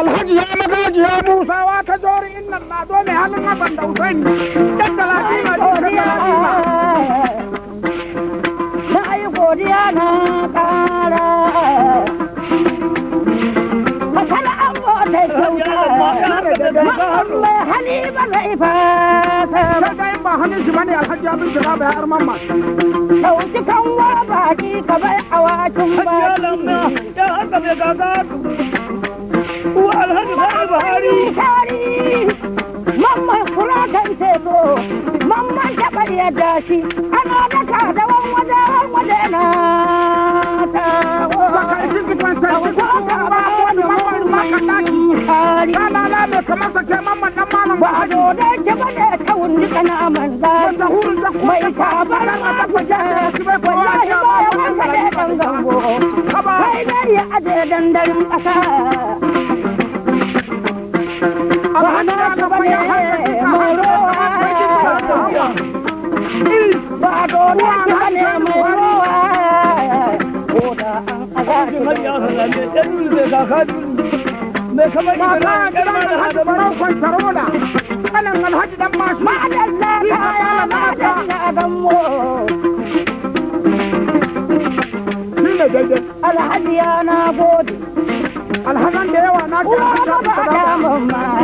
alhaji ya magaji ya musa wa ta jori innan ma dole halin hakan da usain daddala kima daddala kima na ayi godiya na kara masana an bota kyauta ma'an mai hali ba zai fata hannun shi bane alhaji abin shi ba ya arman ma. Dauki kan wa baki ka bai a wakin baki. Hajiya lamna ya haka mai gaga wa alhaji sai Buhari. Mamman kula kan tebo, mamman taɓar ya shi, ana da ka da wan waje wan waje na ta. Bakarci ki kwanta ki kwanta ba wani mamman ma ka ɗaki. Ba na na bai kamar sake mamman ɗan ba a zo da ke ba da kawun ni kana manza mai ta ba na mata kwaje wallahi ba ya wanka da dan gango kai dai ya aje dandarin kasa ba na ka ba ne moro ba a zo da ke ba ne moro ko da an azaji mai ya halande dan da ka kaka a gidan alhaji barau kwantar muna kanan alhaji dan masu ya ganwo na gode alhazan da yawa na gode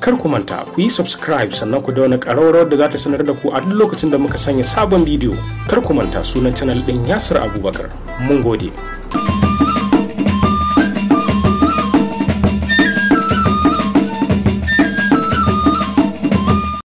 Kar ku manta ku yi subscribe sannan ku dauna ƙararrawar da za ta sanar da ku a duk lokacin da muka sanya sabon bidiyo. Kar ku manta sunan canal ɗin Yasir Abubakar. Mun gode.